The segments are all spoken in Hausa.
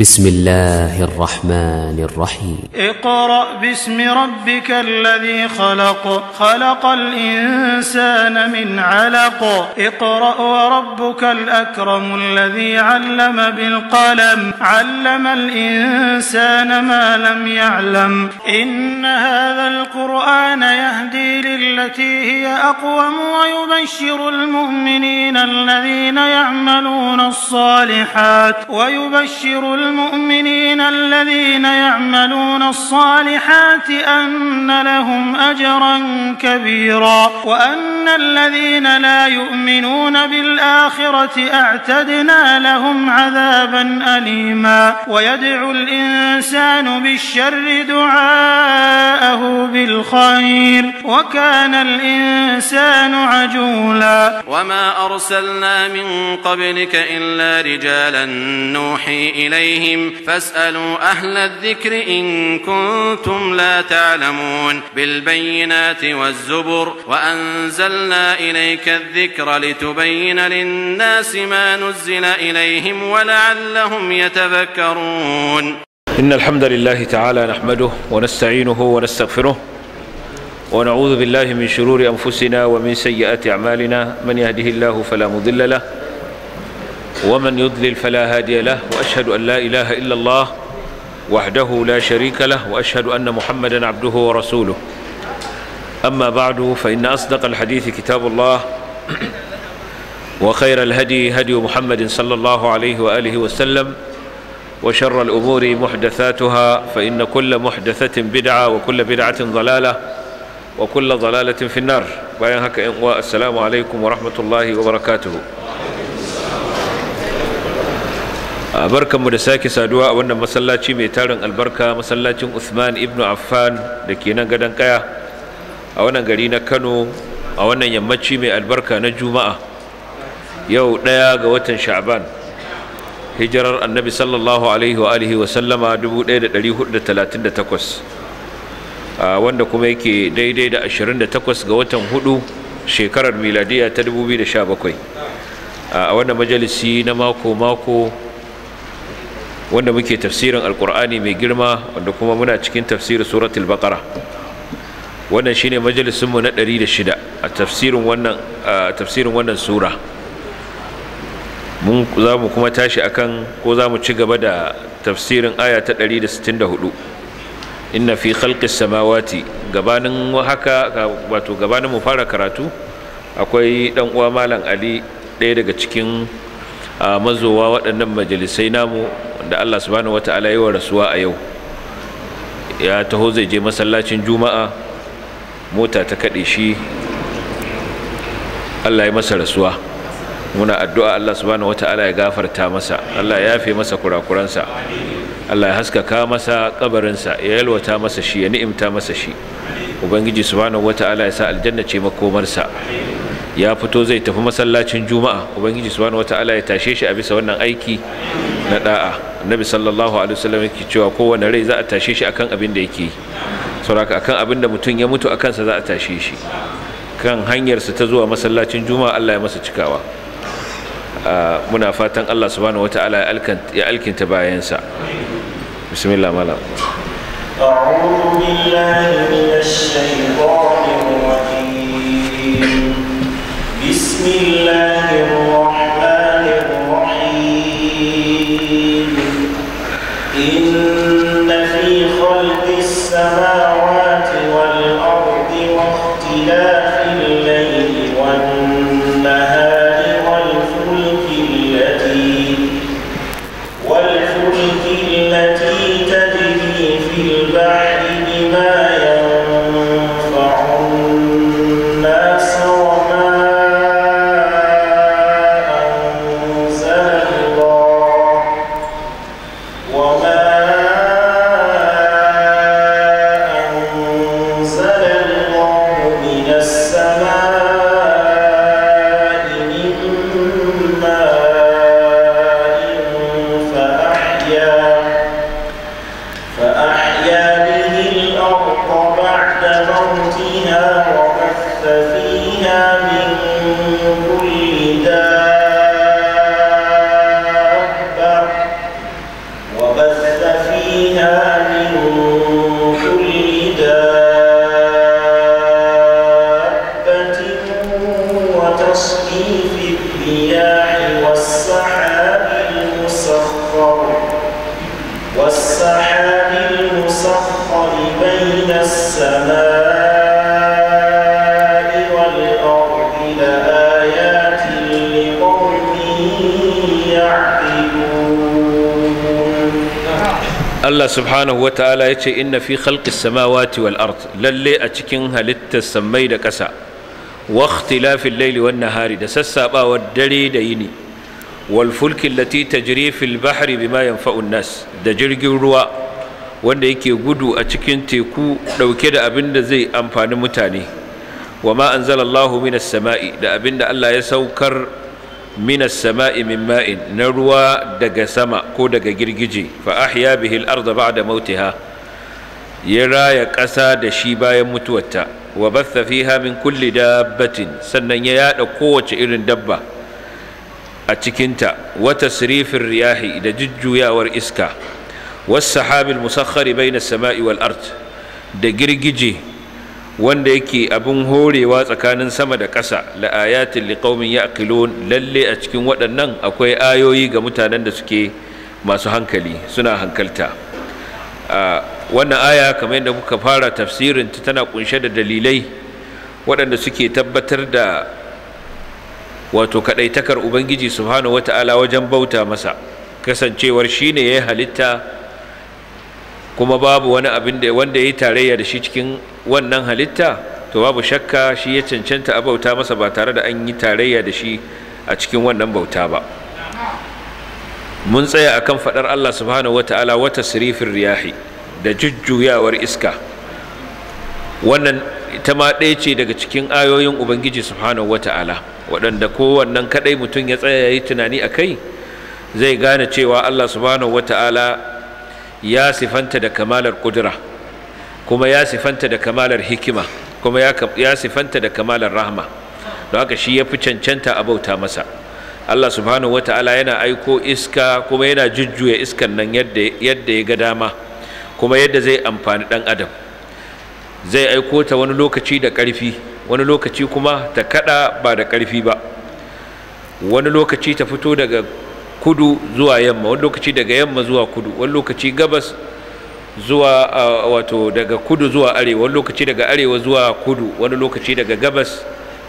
بسم الله الرحمن الرحيم اقرأ باسم ربك الذي خلق خلق الإنسان من علق اقرأ وربك الأكرم الذي علم بالقلم علم الإنسان ما لم يعلم إن هذا القرآن يهدي للتي هي أقوم ويبشر المؤمنين الذين يعملون الصالحات ويبشر المؤمنين الذين يعملون الصالحات أن لهم أجرا كبيرا وأن الذين لا يؤمنون بالآخرة أعتدنا لهم عذابا أليما ويدعو الإنسان بالشر دعاءه بالخير وكان الإنسان عجولا وما أرسلنا من قبلك إلا رجالا نوحي إليه بهم فاسألوا أهل الذكر إن كنتم لا تعلمون بالبينات والزبر وأنزلنا إليك الذكر لتبين للناس ما نزل إليهم ولعلهم يتذكرون إن الحمد لله تعالى نحمده ونستعينه ونستغفره ونعوذ بالله من شرور أنفسنا ومن سيئات أعمالنا من يهده الله فلا مضل له ومن يضلل فلا هادي له واشهد ان لا اله الا الله وحده لا شريك له واشهد ان محمدا عبده ورسوله اما بعد فان اصدق الحديث كتاب الله وخير الهدي هدي محمد صلى الله عليه واله وسلم وشر الامور محدثاتها فان كل محدثه بدعه وكل بدعه ضلاله وكل ضلاله في النار السلام عليكم ورحمه الله وبركاته barkanmu da sake saduwa a wannan masallaci mai tarin albarka masallacin Usman ibn Affan da ke nan gadon kaya a wannan gari na Kano a wannan yammaci mai albarka na Juma'a yau ɗaya ga watan Sha'ban hijirar annabi sallallahu alaihi wa alihi wa sallama 1438 wanda kuma yake daidai da 28 ga watan hudu shekarar miladiya ta 2017 a wannan majalisi na mako-mako wanda muke tafsirin alkur'ani mai girma wanda kuma muna cikin tafsirin suratul baqara wannan shine majalisin mu na 106 a tafsirin wannan a tafsirin wannan sura mun za mu kuma tashi akan ko za mu ci gaba da tafsirin aya ta 164 inna fi khalqis samawati gabanin haka wato gabanin mu fara karatu akwai dan uwa malam ali ɗaya daga cikin a mazowa waɗannan majalisai namu da Allah subhanahu yi yawa rasuwa a yau ya taho zai je masallacin juma'a mota ta kaɗe shi Allah ya masa rasuwa muna addu'a Allah subhanahu ta'ala ya gafarta masa Allah ya fi masa kurakuransa Allah ya haskaka masa kabarinsa ya yalwata masa shi ya ni'imta masa shi ubangiji subhanahu ta'ala ya sa aljanna ce makomarsa ya fito zai tafi masallacin juma'a ubangiji subhanahu ta'ala ya tashe shi a bisa wannan aiki na da'a annabi sallallahu alaihi wasallam yake cewa kowane rai za a tashe shi akan abin da yake yi sauraka akan abin da mutum ya mutu akan sa za a tashe shi kan hanyar su ta zuwa masallacin juma'a Allah ya masa cikawa muna fatan Allah subhanahu wataala ya alkinta bayansa bismillah malam أعوذ بالله من بسم الله الرحمن الساعة Allah subhanahu wa ta'ala ya ce inna fi khalqis samawati wal ard lalle a cikin halittar sammai da ƙasa wa ikhtilafil layli wan nahari da sassabawar dare da yini wal fulki allati tajri fil bahri bima yanfa'u nas da jirgin ruwa wanda yake gudu a cikin teku dauke da abin da zai amfani mutane wa ma anzalallahu minas sama'i da abin da Allah ya saukar Mina sama'i min ma'in na ruwa daga sama ko daga girgije fa ahya da al-ardha ba'da mautiha ya raya ƙasa da shi bayan mutuwarta wa batha fiha min kulli dabbatin sannan ya yada kowace irin dabba a cikinta wa tasrifin riyahi da jujjuyawar iska was sahabil musakhkhari bayna as-sama'i wal art da girgije wanda yake abin horewa tsakanin sama da ƙasa la ayatin liqaumin yaqilun lalle a cikin waɗannan akwai ayoyi ga mutanen da suke masu hankali suna hankalta wannan aya kamar yadda kuka fara tafsirin ta tana kunshe da dalilai waɗanda suke tabbatar da wato kaɗaitakar ubangiji subhanahu wata'ala wajen bauta masa kasancewar shine ya yi halitta kuma babu wani abin da wanda yi tarayya da shi cikin wannan halitta to babu shakka shi ya cancanta a bauta masa ba tare da an yi tarayya da shi a cikin wannan bauta ba mun tsaya akan faɗar Allah subhanahu wataala wata sirifin riyahi da jujjuyawar iska wannan ita ma ɗaya ce daga cikin ayoyin ubangiji subhanahu wataala waɗanda kowannan kaɗai mutum ya tsaya ya yi tunani a kai zai gane cewa allah subhanahu wataala ya sifanta da kamalar kudura kuma ya sifanta da kamalar hikima kuma ya sifanta da kamalar rahama. don haka shi ya fi cancanta a bauta masa Allah subhanahu Ta'ala yana aiko iska kuma yana jujjuya iskan nan yadda ya ga dama kuma yadda zai amfani dan adam zai aiko ta wani lokaci da ƙarfi wani lokaci kuma ta kada ba da ƙarfi ba wani lokaci ta fito daga kudu zuwa yamma wani lokaci daga yamma zuwa kudu wani lokaci gabas zuwa wato daga kudu zuwa arewa wani lokaci daga arewa zuwa kudu wani lokaci daga gabas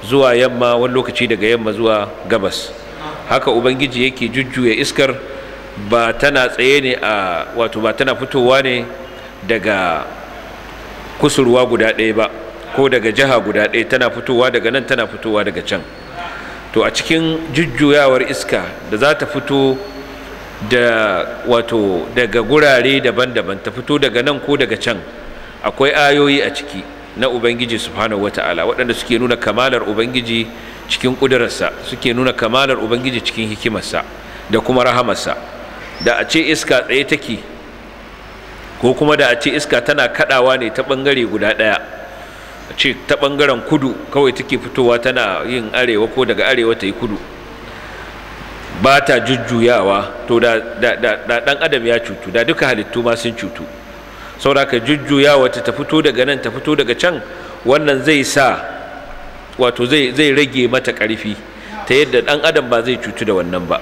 zuwa yamma wani lokaci daga yamma zuwa gabas haka ubangiji yake jujjuya iskar ba tana tsaye ne a wato ba tana fitowa ne daga kusurwa guda ɗaya ba ko daga jiha guda ɗaya tana fitowa daga nan tana fitowa daga can to a cikin jujjuyawar iska da za ta fito da wato daga gurare daban-daban ta fito daga nan ko daga can akwai ayoyi a ciki na ubangiji subhanahu wata'ala waɗanda suke nuna kamalar ubangiji cikin ƙudurarsa suke nuna kamalar ubangiji cikin hikimarsa da kuma rahamarsa da a ce iska tsaye take ko kuma da a ce iska tana kaɗawa ne ta ɓangare guda ɗaya ce ta bangaren kudu kawai take fitowa tana yin arewa ko daga arewa ta yi kudu ba ta jujjuyawa to da dan adam ya cutu da duka halittu ma sun cutu saboda ka jujjuyawa ta ta fito daga nan ta fito daga can wannan zai sa wato zai rage mata karfi, ta yadda dan adam ba zai cutu da wannan ba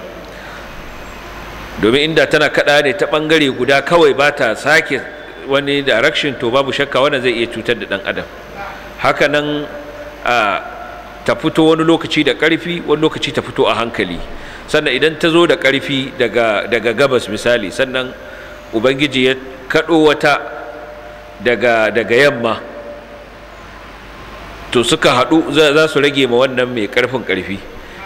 domin inda tana kaɗa ne ta bangare guda kawai ba ta sake wani direction to babu shakka wannan zai iya cutar da dan adam Haka hakanan ta fito wani lokaci da ƙarfi wani lokaci ta fito a hankali sannan idan ta zo da ƙarfi daga gabas misali sannan ubangiji ya kaɗo wata daga yamma to suka haɗu za su rage ma wannan mai ƙarfin ƙarfi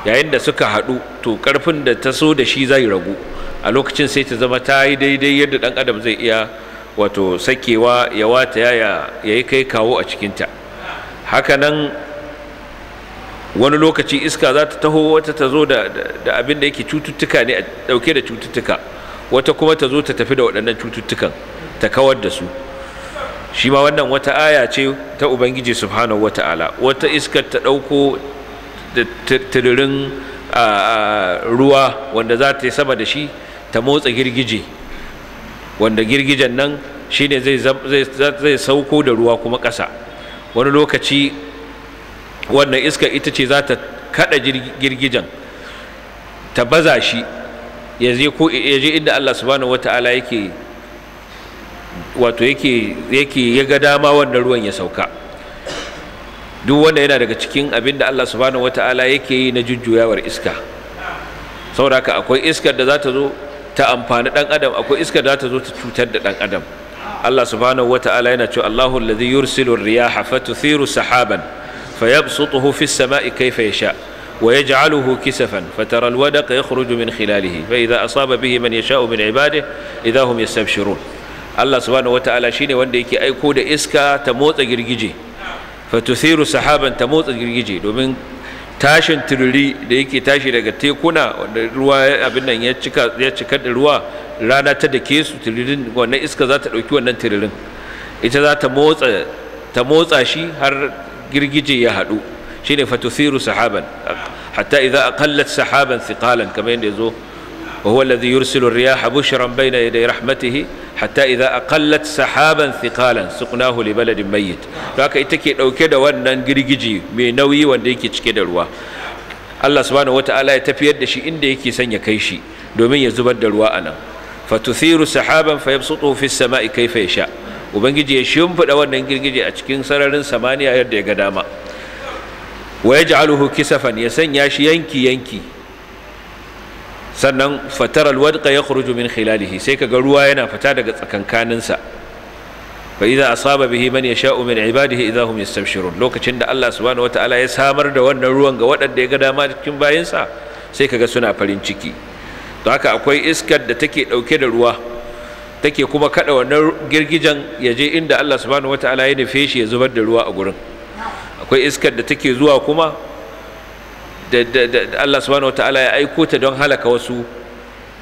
yayin da suka haɗu to ƙarfin da ta so da shi zai ragu a lokacin sai ta zama ta yi daidai yadda ɗan adam zai iya wato sakewa ya wata ya yi kai kawo a cikinta hakanan wani lokaci iska za ta taho wata ta zo da abin da yake cututtuka ne a ɗauke da cututtuka wata kuma ta zo ta tafi da waɗannan cututtukan ta kawar da su shi ma wannan wata aya ce ta ubangiji subhanahu ta'ala wata iskar ta ɗauko da tururin ruwa wanda za ta yi sama da shi ta motsa girgije wanda girgijen nan shi ne zai sauko da ruwa kuma ƙasa wani lokaci wannan iska ita ce za ta kada girgijan ta baza shi ya je inda Allah subhanahu wata'ala yake wato yake yake ya ga dama wannan ruwan ya sauka duk wanda yana daga cikin abin da Allah subhanahu wata'ala yake yi na jujjuyawar iska saboda haka akwai iskar da za ta zo ta amfani dan adam akwai iskar da za ta zo ta cutar da dan adam الله سبحانه وتعالى ينتشو الله الذي يرسل الرياح فتثير سحابا فيبسطه في السماء كيف يشاء ويجعله كسفا فترى الودق يخرج من خلاله فإذا أصاب به من يشاء من عباده إذا هم يستبشرون الله سبحانه وتعالى شيني وندي كي أيكود إسكا تموت جرجيجي فتثير سحابا تموت جرجيجي tashin tururi da yake tashi daga tekuna wanda ruwa abin nan ya cika da ruwa rana ta dake su tururin wannan iska za ta ɗauki wannan tururin ita za ta motsa shi har girgije ya haɗu shine fatusiru sahaban hatta idan aqallat sahaban sikalan kamar yadda ya zo وهو الذي يرسل الرياح بشرا بين يدي رحمته حتى إذا أقلت سحابا ثقالا سقناه لبلد ميت لذلك إتكي أو كده وانا نجرجي مينوي وانا يكي تشكي Allah subhanahu ya tafiyar da shi inda yake son ya shi domin ya zubar da ruwa anan fatuthiru sahaban fayabsutuhu fis sama'i kayfa yasha ubangiji ya shimfida wannan girgije a cikin sararin samaniya yadda ya dama kisafan ya sanya shi yanki yanki sannan fataral wadqa yakhruju min khilalihi sai kaga ruwa yana fita daga tsakankaninsa fa idza asaba bihi man yasha'u min ibadihi idza hum yastabshirun lokacin da Allah subhanahu wataala ya samar da wannan ruwan ga waɗanda ya ga dama cikin bayinsa sai kaga suna farin ciki to haka akwai iskar da take dauke da ruwa take kuma kada wannan girgijan ya je inda Allah subhanahu wataala ya nufe shi ya zubar da ruwa a gurin akwai iskar da take zuwa kuma da Allah subhanahu ta'ala ya aiko ta don halaka wasu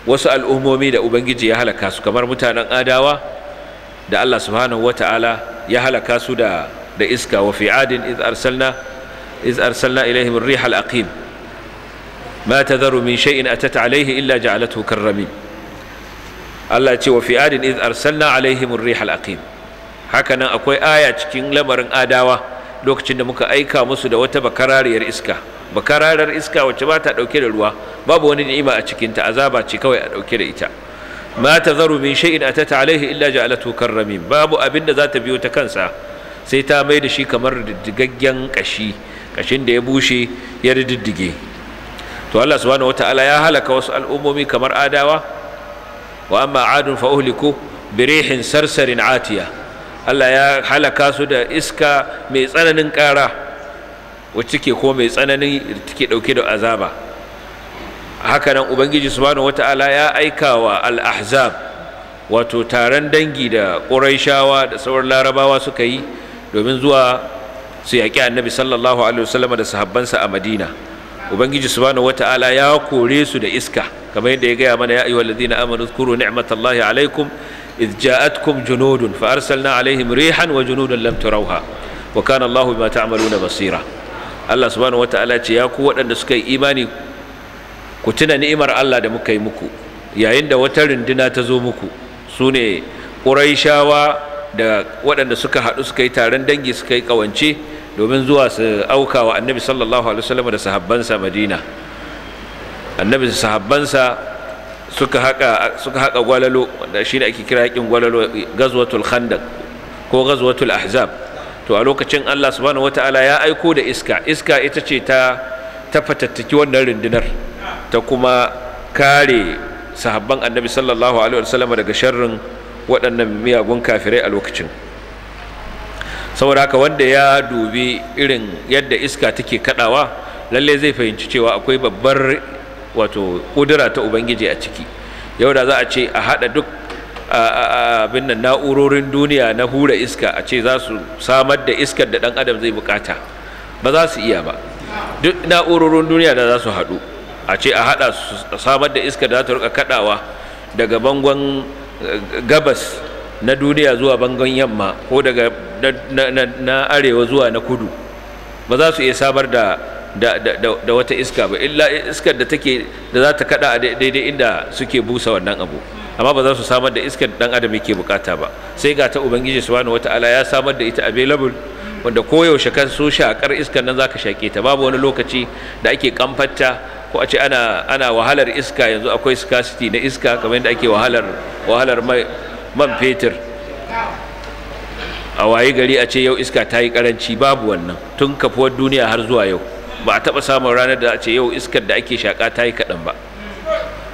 wasu al'ummomi da ubangiji ya halaka su kamar mutanen adawa da Allah subhanahu ta'ala ya halaka su da da iska wa fi adin iz arsalna iz arsalna ilaihim ar-riha al-aqim ma tadharu min shay'in atat alayhi illa ja'alathu karramin Allah ce wa fi adin iz arsalna alaihim ar-riha al-aqim haka nan akwai aya cikin lamarin adawa lokacin da muka aika musu da wata bakarariyar iska bakararar iska wacce ba ta dauke da ruwa babu wani ni'ima a cikin ta azaba ce kawai a dauke da ita ma tazaru min shay'in atata alaihi illa ja'alatu karramin babu abin da za ta biyo ta kansa sai ta mai da shi kamar diddigaggen kashi kashin da ya bushe ya diddige to Allah subhanahu wata'ala ya halaka wasu al'ummomi kamar adawa wa amma adun fa uhliku birihin sarsarin atiya Allah ya halaka su da iska mai tsananin ƙara wacce ke komai mai tsanani take dauke da azaba haka nan ubangiji subhanahu wata'ala ya aika wa al-ahzab wato taron dangi da ƙuraishawa da sauran larabawa suka yi domin zuwa su yaƙi annabi sallallahu alaihi wasallam da sahabbansa a madina ubangiji subhanahu wata'ala ya kore su da iska kamar yadda ya gaya mana ya ayyuhal ladina amanu zkuru ni'matallahi alaikum idh ja'atkum junudun fa arsalna alaihim rihan wa junudun lamtu rauha! wa kana allahu bima na basira Allah subhanahu wataala ce ya ku waɗanda suka yi imani ku tuna ni'imar Allah da muka yi muku yayin da wata runduna ta zo muku su ne ƙuraishawa da waɗanda suka haɗu suka yi taron dangi suka yi ƙawance domin zuwa su auka wa annabi sallallahu alaihi wasallam da sahabbansa madina annabi sahabbansa suka haƙa suka haƙa gwalalo wanda shine ake kira yakin gwalalo gazwatul khandaq ko gazwatul ahzab to a lokacin Allah subhanahu wataala ya aiko da iska iska ita ce ta ta fatattaki wannan rundunar ta kuma kare sahabban annabi sallallahu alaihi wasallam daga sharrin waɗannan miyagun kafirai a lokacin saboda haka wanda ya dubi irin yadda iska take kadawa lalle zai fahimci cewa akwai babbar wato kudura ta ubangiji a ciki yau da za a ce a haɗa duk abin nan na'urorin duniya na hura iska a ce za su samar da iskar da ɗan adam zai bukata ba za su iya ba duk na'urorin duniya da za su haɗu a ce a haɗa su samar da iskar da za ta rika kaɗawa daga bangon eh, gabas na duniya zuwa bangon yamma ko daga na arewa zuwa na kudu ba za su iya samar da da wata iska ba illa iskar da take da za ta kada a daidai inda suke busa wannan abu amma ba za su samar da iskar dan adam yake bukata ba sai ga ta ubangiji subhanahu wataala ya samar da ita available wanda koyaushe kan shakar iskar nan zaka shake ta babu wani lokaci da ake kamfatta ko a ce ana ana wahalar iska yanzu akwai scarcity na iska kamar yadda ake wahalar wahalar man fetur a waye gari a ce yau iska ta yi karanci babu wannan tun kafuwar duniya har zuwa yau ba a taba samun ranar da a ce yau iskar da ake shaka ta yi kaɗan ba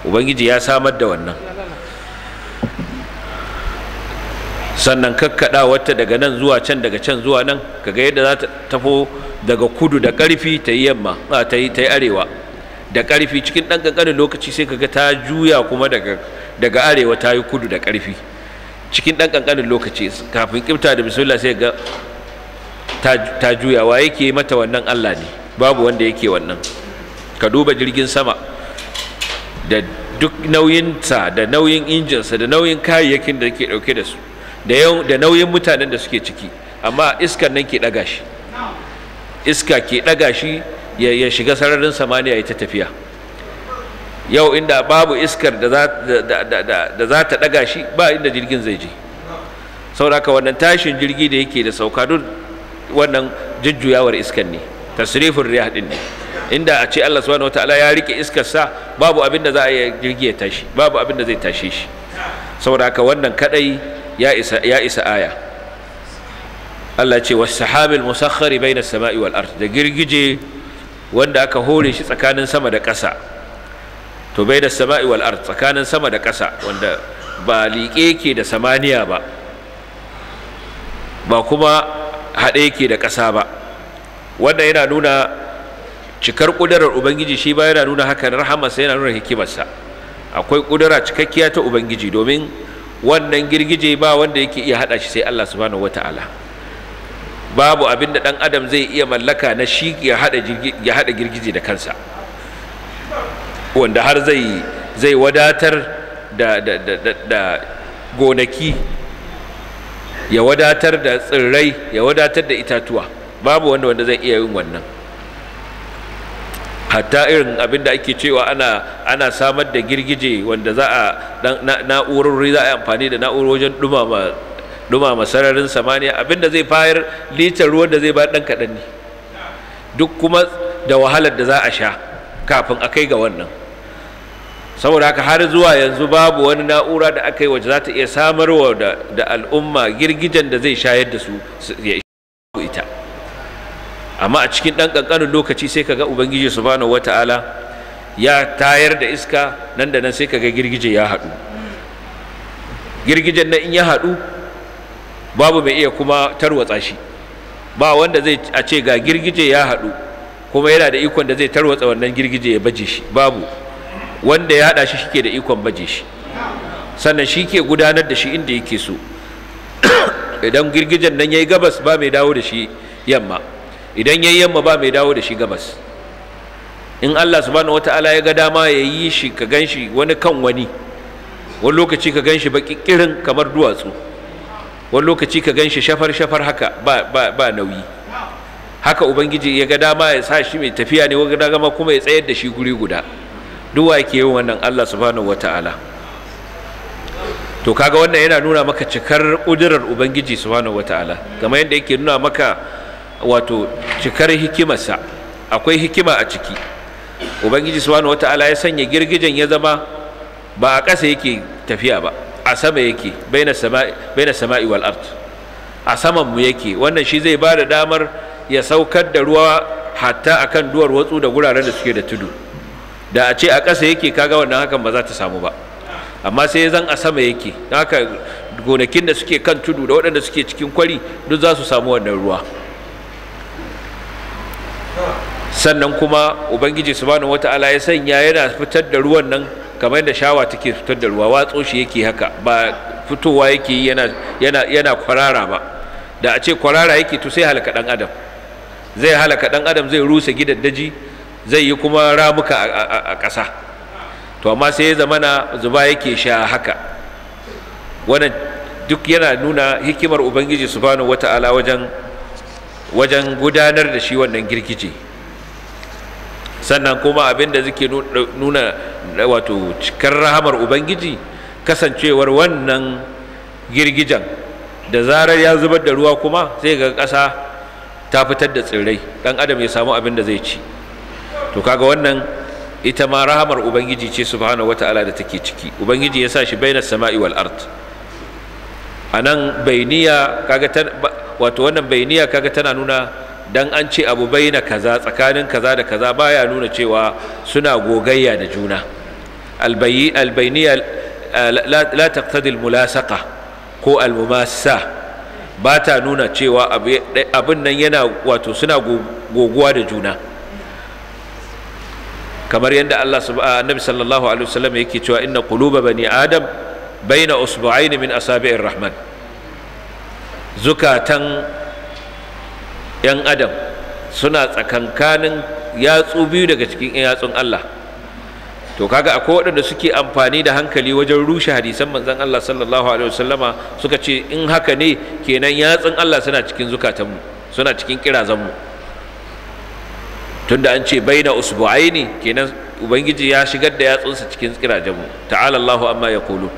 ubangiji ya samar da wannan sannan kakkaɗa wata daga nan zuwa can daga can zuwa nan kaga yadda za ta tafo daga kudu da ƙarfi ta yi yamma ta yi arewa da ƙarfi cikin ɗan kankanin lokaci sai kaga ta juya kuma daga arewa ta yi kudu da ƙarfi cikin ɗan kankanin lokaci kafin kimta da bisimila sai ga ta juya wa yake mata wannan allah ne babu wanda yake wannan ka duba jirgin sama da duk nauyinsa da nauyin injinsa da nauyin kayayyakin da ke ɗauke da su da nauyin mutanen da suke ciki amma iskar nan ke ɗaga shi iska ke ɗaga shi ya shiga sararin samaniya ya ta tafiya yau inda babu iskar da za ta ɗaga shi ba inda jirgin zai je sauraka wannan tashin jirgi da yake da sauka duk wannan jujjuyawar iskar ne tasrifin riya din ne inda a ce Allah subhanahu ala ya rike iskar sa babu abin da za a yi jirgi ya tashi babu abin da zai tashe shi sauraka wannan kadai ya isa aya Allah ce was sahabil musakhkhari baina samai wal da girgije wanda aka hore shi tsakanin sama da ƙasa to da samai wal tsakanin sama da ƙasa wanda ba liƙe ke da samaniya ba ba kuma haɗe ke da ƙasa ba wanda yana nuna cikar ƙudurar ubangiji shi ba yana nuna haka hakan rahamarsa yana nuna hikimarsa akwai ƙudura cikakkiya ta ubangiji domin wannan girgije ba wanda yake iya haɗa shi sai Allah subhanahu wataala babu abin da dan adam zai iya mallaka na shi ya hada girgije da kansa wanda har zai zai wadatar da gonaki ya wadatar da tsirrai ya wadatar da itatuwa babu wanda wanda zai iya yin wannan hatta irin abin da ake cewa ana ana samar da girgije wanda za a na'urar za a amfani da na'urar wajen dumama sararin samaniya abin da zai bayar litar ruwan da zai ba dan kaɗan ne duk kuma da wahalar da za a sha kafin a kai ga wannan saboda haka har zuwa yanzu babu wani na'ura da aka yi wacce za ta iya samarwa da al'umma girgijen da zai shayar da su ya ita amma a cikin ɗan ƙanƙanin lokaci sai ka ga ubangiji subhanahu wata'ala ya tayar da iska nan da nan sai kaga girgije ya haɗu girgijen nan in ya haɗu babu mai iya kuma tarwatsa shi ba wanda zai a ce ga girgije ya haɗu kuma yana da ikon da zai tarwatsa wannan girgije ya baje shi babu wanda ya haɗa shi shike da ikon baje shi sannan shi ke gudanar da shi inda yake so idan girgijen nan ya yi gabas ba mai dawo da shi yamma idan ya yi yamma ba mai dawo da shi gabas in Allah subhanahu wata'ala ya ga dama ya yi shi ka ganshi wani kan wani wani lokaci ka ganshi ƙirƙirin kamar duwatsu wani lokaci ka ganshi shafar shafar haka ba nauyi haka ubangiji ya ga dama ya sa shi mai tafiya ne wani gama kuma ya tsayar da shi guri guda duwa ke yin wannan Allah subhanahu wata'ala to kaga wannan yana nuna maka cikar ƙudurar ubangiji subhanahu wata'ala kamar yadda yake nuna maka wato cikar hikimarsa akwai hikima a ciki ubangiji subhanahu wata'ala ya sanya girgijen ya zama ba a ƙasa yake tafiya ba a sama yake baina sama'i baina sama'i wal ard a saman mu yake wannan shi zai ba da damar ya saukar da ruwa hatta akan duwar watsu da guraren da suke da tudu da a ce a ƙasa yake kaga wannan hakan ba za ta samu ba amma sai ya zan a sama yake haka gonakin da suke kan tudu da waɗanda suke cikin kwari duk za su samu wannan ruwa sannan kuma ubangiji subhanahu wata'ala ya sanya yana fitar da ruwan nan kamar da shawa take fitar da ruwa watso shi yake haka ba fitowa yake yana yana kwarara ba da a ce kwarara yake to sai halaka dan adam zai halaka dan adam zai rusa gidaddaji zai yi kuma ramuka a ƙasa to amma sai ya zamana zuba yake sha haka wannan duk yana nuna hikimar ubangiji subhanahu wata'ala wajen wajen gudanar da shi wannan girgije sannan kuma abin da nuna wato cikar rahamar ubangiji kasancewar wannan girgijan da zarar ya zubar da ruwa kuma zai ga kasa ta fitar da tsirrai ɗan adam ya samu abin da zai ci to kaga wannan ita ma rahamar ubangiji ce wa ta'ala da take ciki ubangiji ya sa shi na sama'i wal ard anan bainiya kaga wato wannan bainiya kaga tana nuna dan an ce abu baina kaza tsakanin kaza da kaza baya nuna cewa suna gogayya da juna albayniya la taqtadi almulasaqa ko almumassa ba ta nuna cewa abin nan yana wato suna goguwa da juna kamar yadda Allah annabi sallallahu alaihi wasallam yake cewa inna quluba bani adam baina usbu'ain min asabi'ir rahman zukatan 'yan adam suna tsakankanin yatsu biyu daga cikin yatsun Allah to kaga akwai waɗanda suke amfani da hankali wajen rushe hadisan manzan Allah sallallahu alaihi wasallama suka ce in haka ne kenan yatsun Allah suna cikin zukatanmu suna cikin kirazanmu tunda an ce baina usbu'aini kenan ubangiji ya shigar da yatsunsa cikin kirajenmu ta'ala Allahu amma yaqulu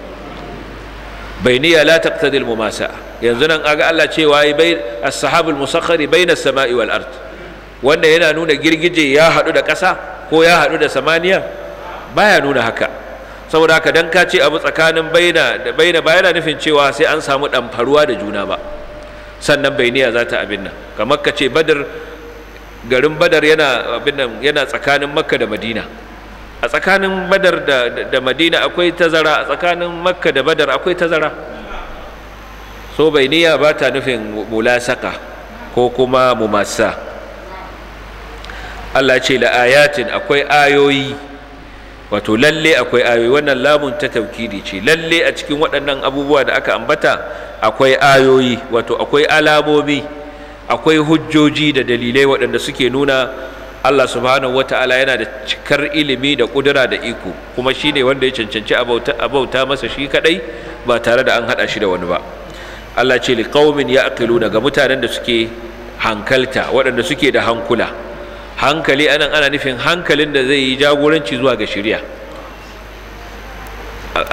bainiya la taqtadil mumasa'a yanzu nan aga Allah cewa yi bai as-sahabul musakhkhari baina as-sama'i wal ard wanda yana nuna girgije ya hadu da ƙasa ko ya hadu da samaniya baya nuna haka saboda haka dan ka ce abu tsakanin baina da ba yana nufin cewa sai an samu damfaruwa da juna ba sannan bainiya za ta abin nan kamar ka ce badar garin badar yana abin nan yana tsakanin makka da madina a tsakanin badar da, madina akwai tazara a tsakanin makka da badar akwai tazara so bainiya ba ta nufin mulasaka ko kuma mumassa Allah ce la ayatin akwai ayoyi wato lalle akwai ayoyi wannan lamun ta taukidi ce lalle a cikin waɗannan abubuwa da aka ambata akwai ayoyi wato akwai alamomi akwai hujjoji da dalilai waɗanda suke nuna Allah subhanahu wata'ala yana da cikar ilimi da ƙudura da iko kuma shine wanda ya cancanci a bauta masa shi kadai ba tare da an haɗa shi da wani ba Allah ce liqaumin ya'qiluna ga mutanen da suke hankalta waɗanda suke da hankula hankali anan ana nufin hankalin da zai yi jagoranci zuwa ga shari'a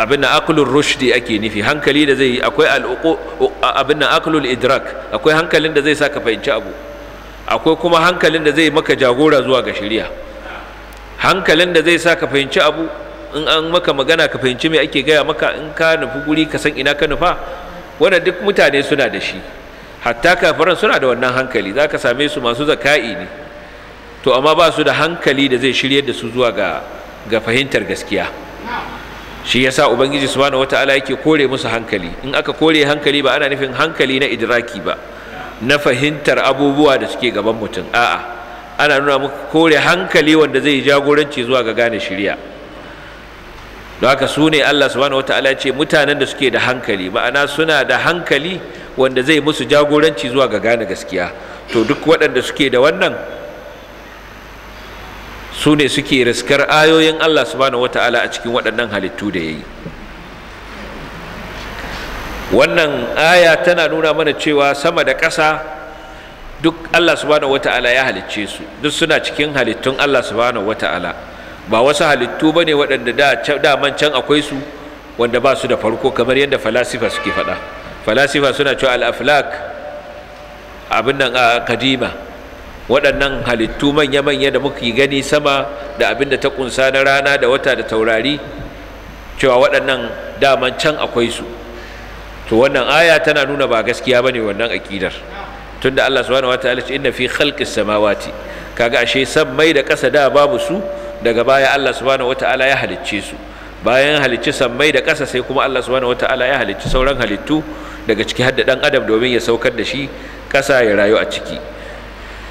abin na aklul rushdi ake nufi hankali da zai akwai abin na aklul idrak akwai hankalin da zai sa ka fahimci abu akwai kuma hankalin da zai maka jagora zuwa ga shari'a hankalin da zai sa ka fahimci abu in an maka magana ka fahimci me ake gaya maka in ka nufi guri ka san ina ka nufa wanda duk mutane suna da shi hatta kafiran suna da wannan hankali za ka same su masu zaka'i ne to amma ba su da hankali da zai shiryar da su zuwa ga ga fahimtar gaskiya shi yasa ubangiji subhanahu wataala yake kore musu hankali in aka kore hankali ba ana nufin hankali na idraki ba na fahimtar abubuwa da suke gaban mutum a'a ana nuna muku kore hankali wanda zai jagoranci zuwa ga gane shirya don haka su ne Allah subhanahu wataala ce mutanen da suke da hankali ma'ana suna da hankali wanda zai musu jagoranci zuwa ga gane gaskiya to duk waɗanda suke da wannan su ne suke riskar ayoyin Allah subhanahu wataala a cikin waɗannan halittu da ya yi wannan aya tana nuna mana cewa sama da ƙasa duk Allah subhanahu wataala ya halicce su duk suna cikin halittun Allah subhanahu wataala ba wasu halittu ba ne waɗanda daman can akwai su wanda ba su da farko kamar yadda falasifa suke faɗa falasifa suna cewa al'aflak abin nan a kadima waɗannan halittu manya-manya da muka gani sama da abin da ta ƙunsa na rana da wata da taurari cewa waɗannan daman can akwai su to wannan aya tana nuna ba gaskiya ba ne wannan aƙidar tunda Allah subhanahu wataala ce inna fi khalqis samawati kaga ashe san mai da ƙasa da babu su daga baya Allah subhanahu wata'ala ya halicce su bayan halicci sammai da ƙasa sai kuma Allah subhanahu wata'ala ya halicci sauran halittu daga ciki hadda dan adam domin ya saukar da shi ƙasa ya rayu a ciki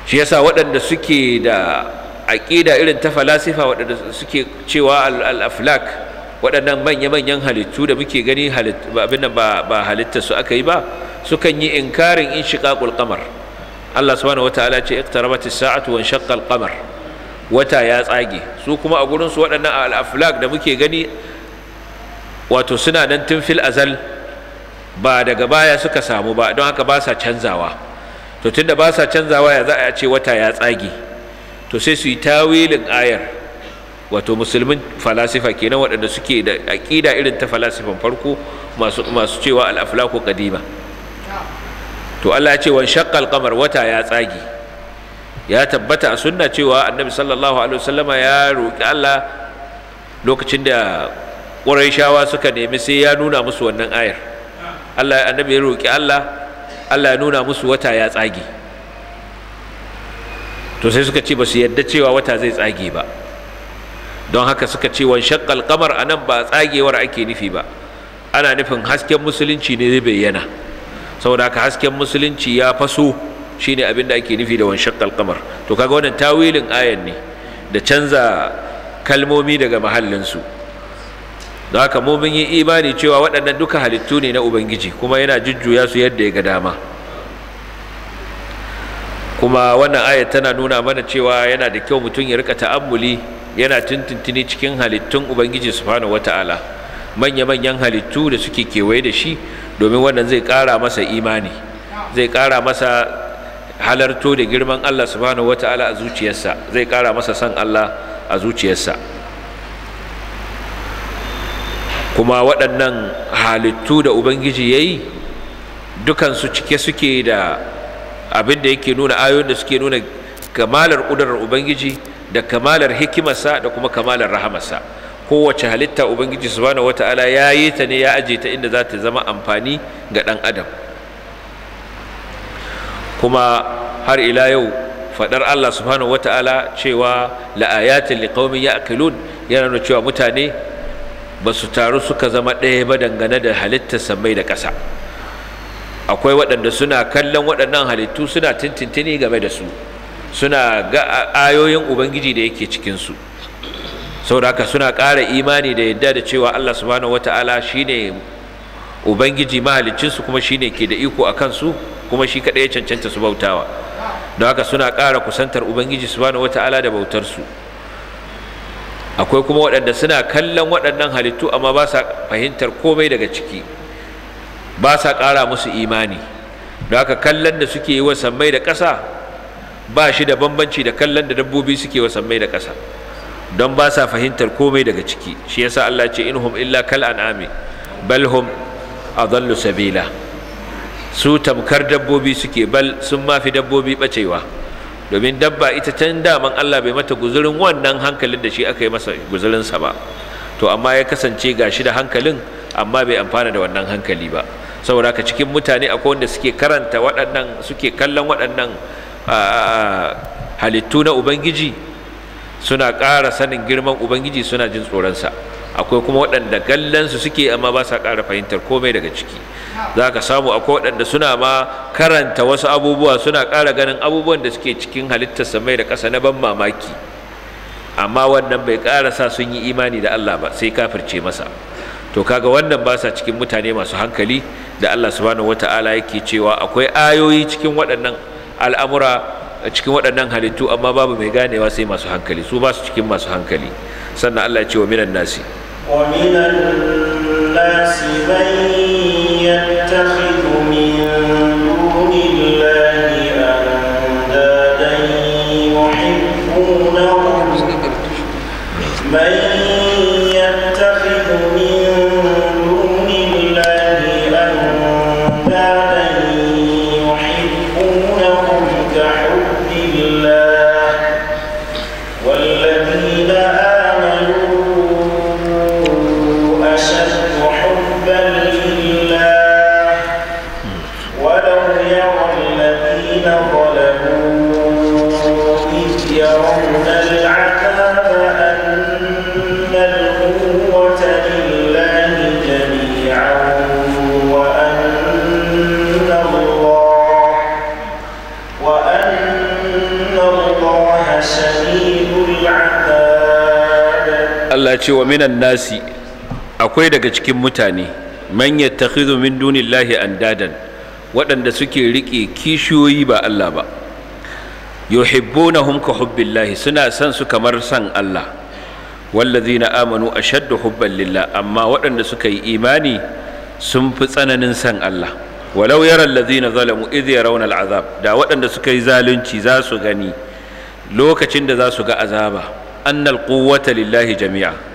shi yasa waɗanda suke da aƙida irin ta falasifa waɗanda suke cewa al-aflak waɗannan manya-manyan halittu da muke gani abin ba halitta su aka yi ba sukan yi inkarin inshiqaqul qamar Allah subhanahu wataala ce iqtarabat as-sa'atu wa inshaqqal qamar wata ya tsage su kuma a gurinsu waɗannan al'aflak da muke gani wato suna nan tun fil azal ba daga baya suka samu ba don haka ba sa canzawa to tunda ba sa canzawa ya za a ce wata ya tsage to sai su yi tawilin ayar wato musulmin falasifa kenan waɗanda suke da aƙida irin ta falasifan farko masu cewa ko kadima to Allah ya ce wan shaqqal qamar wata ya tsage ya tabbata a sunna cewa annabi sallallahu alaihi wasallama ya roƙi Allah lokacin da ƙurayshawa suka nemi sai ya nuna musu wannan ayar Allah annabi ya roƙi Allah Allah ya nuna musu wata ya tsage to sai suka ce ba su yadda cewa wata zai tsage ba don haka suka ce wan shaqqal qamar anan ba tsagewar ake nufi ba ana nufin hasken musulunci ne zai bayyana saboda haka hasken musulunci ya faso shine abin da ake nufi da wanshaqqal qamar to kaga wannan tawilin ayan ne da canza kalmomi daga mahallin su don haka mumin yi imani cewa waɗannan duka halittu ne na ubangiji kuma yana jujjuya su yadda ya ga dama kuma wannan ayat tana nuna mana cewa yana da kyau mutum ya rika ta'ammuli yana tuntuntuni cikin halittun ubangiji subhanahu wata'ala manya-manyan halittu da suke kewaye da shi domin wannan zai kara masa imani zai kara masa halarto da girman Allah subhanahu wata'ala a zuciyarsa zai kara masa son Allah a zuciyarsa kuma waɗannan halittu da ubangiji ya yi dukansu cike suke da abin da yake nuna ayoyin da suke nuna kamalar ƙudurar ubangiji da kamalar hikimarsa da kuma kamalar rahamarsa kowace halitta ubangiji subhanahu wata'ala ya yi ta ne ya aje ta inda za ta zama amfani ga ɗan adam kuma har ila yau fadar Allah subhanahu wata'ala cewa la'ayatin liqaumin ya'qilun yana nuna cewa mutane ba su taru suka zama ɗaya ba dangane da halittar mai da ƙasa akwai waɗanda suna kallon waɗannan halittu suna tintintini game da su suna ga ayoyin ubangiji da yake cikin su saboda haka suna ƙara imani da yadda da cewa Allah subhanahu wata'ala shine ubangiji su kuma shine ke da iko a kansu kuma shi kaɗai ya cancanta su bautawa don haka suna ƙara kusantar ubangiji subhanahu wata'ala da bautar su akwai kuma waɗanda suna kallon waɗannan halittu amma ba sa fahimtar komai daga ciki ba sa ƙara musu imani don haka kallon da suke yi wa sammai da ƙasa ba shi da bambanci da kallon da dabbobi suke wa sammai da ƙasa don ba sa fahimtar komai daga ciki shi yasa Allah ce inhum illa kal ami balhum a adallu sabila su tamkar dabbobi suke bal sun mafi dabbobi bacewa domin dabba ita can daman Allah bai mata guzurin wannan hankalin da shi aka yi masa guzurinsa ba to amma ya kasance ga shi da hankalin amma bai amfana da wannan hankali ba saboda ka cikin mutane akwai wanda suke karanta waɗannan suke kallon waɗannan halittu na ubangiji suna ƙara sanin girman ubangiji suna jin tsoronsa akwai kuma waɗanda su suke amma ba sa ƙara fahimtar komai daga ciki za ka samu akwai waɗanda suna ma karanta wasu abubuwa suna ƙara ganin abubuwan da suke cikin halittar mai da ƙasa na ban mamaki amma wannan bai ƙara sa sun yi imani da Allah ba sai kafirce masa to kaga wannan ba sa cikin mutane masu hankali da Allah subhanahu wata'ala yake cewa akwai ayoyi cikin waɗannan al'amura cikin waɗannan halittu amma babu mai ganewa sai masu hankali su ba su cikin masu hankali sannan Allah ya ce wa minan nasi ومن الناس من يتخذ cewa minan nasi akwai daga cikin mutane man yattakhidhu min dunillahi andadan waɗanda suke rike kishiyoyi ba Allah ba yuhibbunahum ka hubbillahi suna son su kamar san Allah wallazina amanu ashaddu hubban lillah amma waɗanda suka yi imani sun fi tsananin san Allah walau yara allazina zalamu idh yarawna al'azab da waɗanda suka yi zalunci za su gani lokacin da za su ga azaba annal quwwata lillahi jami'a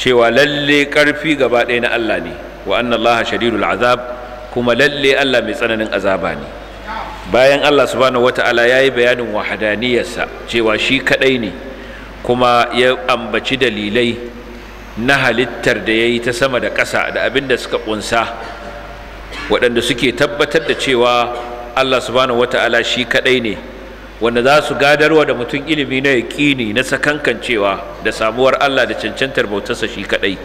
cewa lalle ƙarfi gaba ɗaya na Allah ne wa anna Allah shadidul azab kuma lalle Allah mai tsananin azaba ne bayan Allah subhanahu wata'ala ya yi bayanin wahadaniyarsa cewa shi kaɗai ne kuma ya ambaci dalilai na halittar da ya yi ta sama da ƙasa da abin da suka ƙunsa waɗanda suke tabbatar da cewa Allah subhanahu wata'ala shi kaɗai ne wanda za su gadarwa da mutum ilimi na yaƙini na sakankancewa da samuwar Allah da cancantar bautarsa shi kaɗai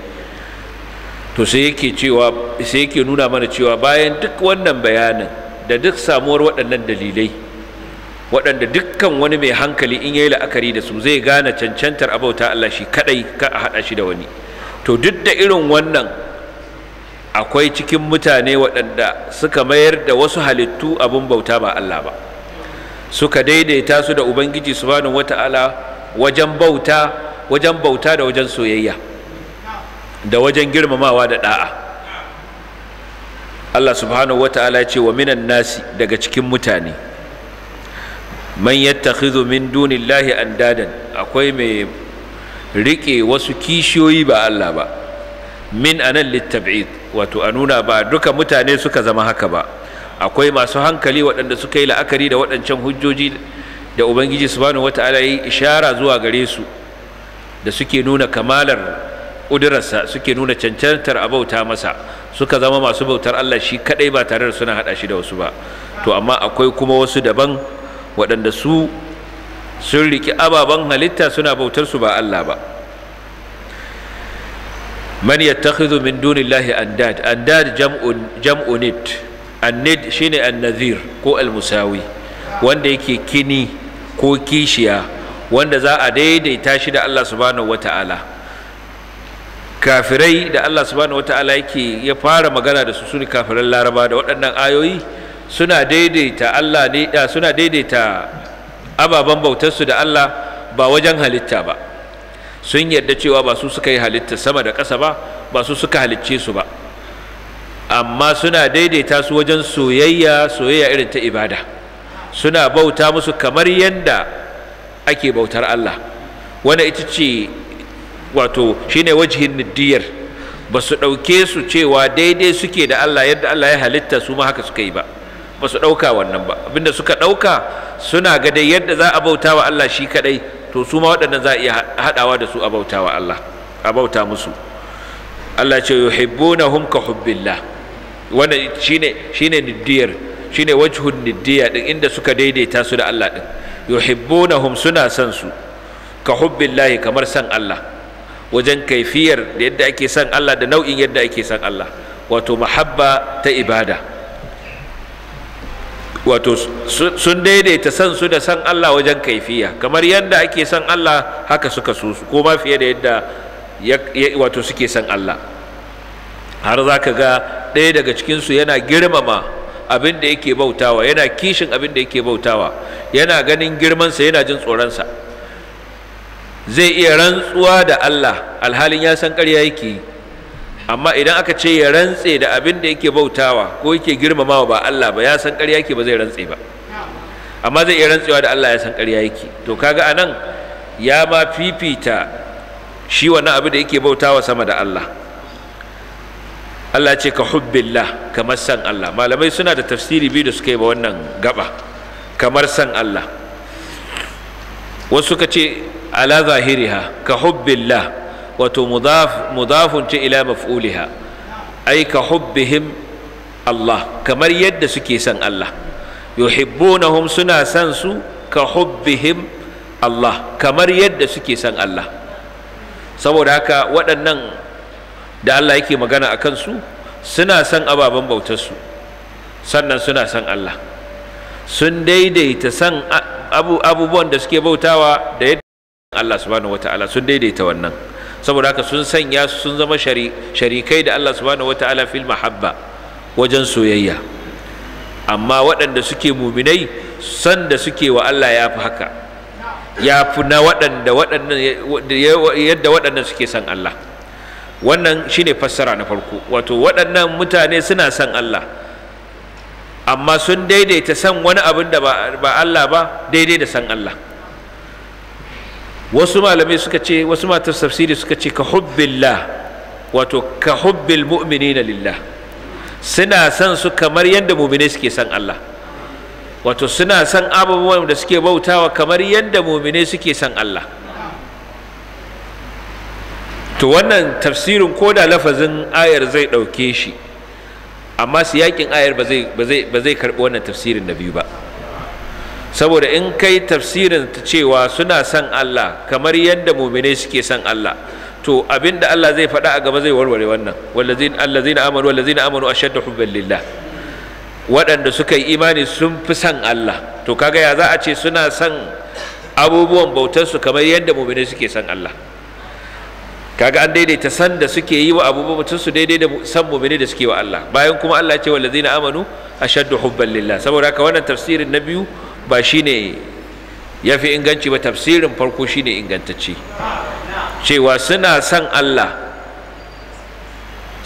to sai yake cewa sai yake nuna mana cewa bayan duk wannan bayanin da duk samuwar waɗannan dalilai waɗanda dukkan wani mai hankali in yayi la'akari da su zai gane cancantar abauta Allah shi kaɗai ka a haɗa shi da wani to duk da irin wannan akwai cikin mutane waɗanda suka mayar da wasu halittu abin bauta ba Allah ba suka daidaita su da ubangiji subhanahu wata'ala wajen bauta wajen bauta da wajen soyayya da wajen girmamawa da ɗa'a. Allah subhanahu wata'ala ya ce wa minan nasi daga cikin mutane man yattakhidhu min dunillahi andadan akwai mai riƙe wasu kishiyoyi ba Allah ba min anan littab'id wato a nuna ba duka mutane suka zama haka ba akwai masu hankali waɗanda suka yi la'akari da waɗancan hujjoji da ubangiji subhanahu wata'ala ya yi ishara zuwa gare su da suke nuna kamalar ƙudurarsa suke nuna cancantar a bauta masa suka zama masu bautar Allah shi kaɗai ba tare da suna haɗa shi da wasu ba to amma akwai kuma wasu daban waɗanda su sun riƙi ababen halitta suna bautar su ba Allah ba man yattakhidhu min dunillahi andad andad jam'un jam'unit annid shine annazir ko almusawi wanda yake kini ko kishiya wanda za a daidaita shi da Allah subhanahu wata'ala kafirai da Allah subhanahu wata'ala yake ya fara magana da su sune kafiran laraba da waɗannan ayoyi suna daidaita Allah ne suna daidaita ababen bautarsu da Allah ba wajen halitta ba sun yarda cewa ba su suka yi halitta sama da ƙasa ba ba su suka halicce su ba amma suna daidaita su wajen soyayya soyayya irin ta ibada suna bauta musu kamar yadda ake bautar Allah wanda ita ce wato shine wajihin niddiyar ba su ɗauke su cewa daidai suke da Allah yadda Allah ya halitta su ma haka suka yi ba ba su ɗauka wannan ba abinda suka ɗauka suna ga dai yadda za a bauta wa Allah shi kaɗai to su ma waɗannan za a iya haɗawa da su a bauta wa Allah a bauta musu Allah ce yuhibbunahum ka hubbillah wanda shine shine niddiyar shine wajhun niddiya din inda suka daidaita su da Allah din yuhibbunahum suna san su ka hubbillahi kamar san Allah wajen kaifiyar da yadda ake san Allah da nau'in yadda ake san Allah wato mahabba ta ibada wato sun daidaita san su da san Allah wajen kaifiya kamar yadda ake san Allah haka suka su ko ma fiye da yadda wato suke san Allah har za ka ga ɗaya daga cikinsu yana girmama abin da yake bautawa yana kishin abin da yake bautawa yana ganin girmansa yana jin tsoronsa zai iya rantsuwa da Allah alhalin ya san ƙarya yake yi amma idan aka ce ya rantse da abin da yake bautawa ko yake girmamawa ba Allah ba ya san ƙarya yake ba zai rantse ba amma zai iya rantsewa da Allah ya san ƙarya yake to kaga anan ya ma fifita shi wannan abin da yake bautawa sama da Allah Allah ce ka hubbillah kamar san Allah malamai suna da tafsiri biyu da suka yi ba wannan gaba kamar san Allah wasu ka ce ala zahiriha ka hubbillah wato mudaf mudafun ce ila maf'uliha ai ka hubbihim Allah kamar yadda suke san Allah yuhibbunahum suna san su ka hubbihim Allah kamar yadda suke san Allah saboda haka waɗannan da Allah yake magana a kansu suna son ababen bautarsu sannan suna son Allah sun daidaita son abubuwan da suke bautawa da yadda Allah subhanahu wata'ala sun daidaita wannan saboda haka sun sanya su sun zama sharikai da Allah subhanahu wata'ala fil mahabba wajen soyayya amma waɗanda suke muminai san da suke wa Allah ya fi haka ya fi na waɗanda yadda waɗannan suke san Allah wannan shine fassara na farko wato waɗannan mutane suna son Allah amma sun daidaita son wani abin da ba Allah ba daidai da san Allah wasu malamai suka ce wasu matar tafsiri suka ce ka hubbillah wato ka hubbil mu'minina lillah suna son su kamar yadda mu'minai suke san Allah wato suna son abubuwan da suke bautawa kamar yadda mu'minai suke san Allah to wannan tafsirin ko da lafazin ayar zai ɗauke shi amma siyakin ayar ba zai karɓi wannan tafsirin na biyu ba saboda in kai tafsirin cewa suna son Allah kamar yadda mumine suke son Allah to abinda Allah zai faɗa a gaba zai warware wannan wallazina amanu wallazina amanu ashadda hubban lillah waɗanda suka yi imani sun fi son Allah to kaga ya za a ce suna son abubuwan bautarsu kamar yadda mumine suke son Allah kaga an daidaita san da suke yi wa abubuwan su daidai da san mumini da suke wa Allah bayan kuma Allah ce na amanu shaddu hubban lillah saboda haka wannan tafsirin na biyu ba shine fi inganci ba tafsirin farko shine ingantacce cewa suna san Allah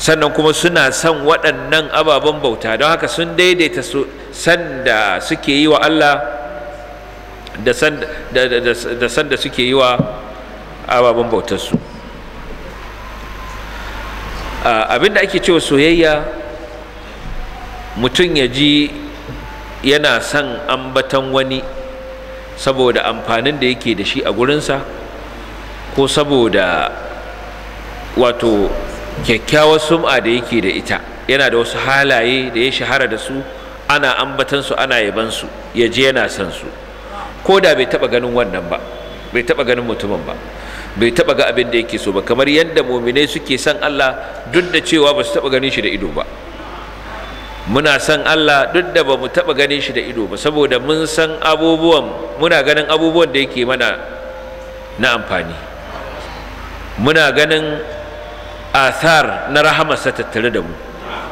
sannan kuma suna san waɗannan ababen bauta don haka sun daidaita san da suke yi wa Allah da san da suke yi wa ababen bautarsu abin da ake ce wa soyayya mutum ya ji yana son ambatan wani saboda amfanin da yake da shi a gurinsa ko saboda wato kyakkyawar sum'a da yake da ita yana da wasu halaye da ya shahara da su ana ambatansu ana yabansu ya ji yana son su ko da bai taba ganin wannan ba bai taɓa ganin mutumin ba bai taba ga abin da yake so ba kamar yadda muminai suke san Allah duk da cewa ba su taba ganin shi da ido ba muna son Allah duk da ba mu taba ganin shi da ido ba saboda mun san abubuwan muna ganin abubuwan da yake mana na amfani muna ganin athar na rahamarsa tattare da mu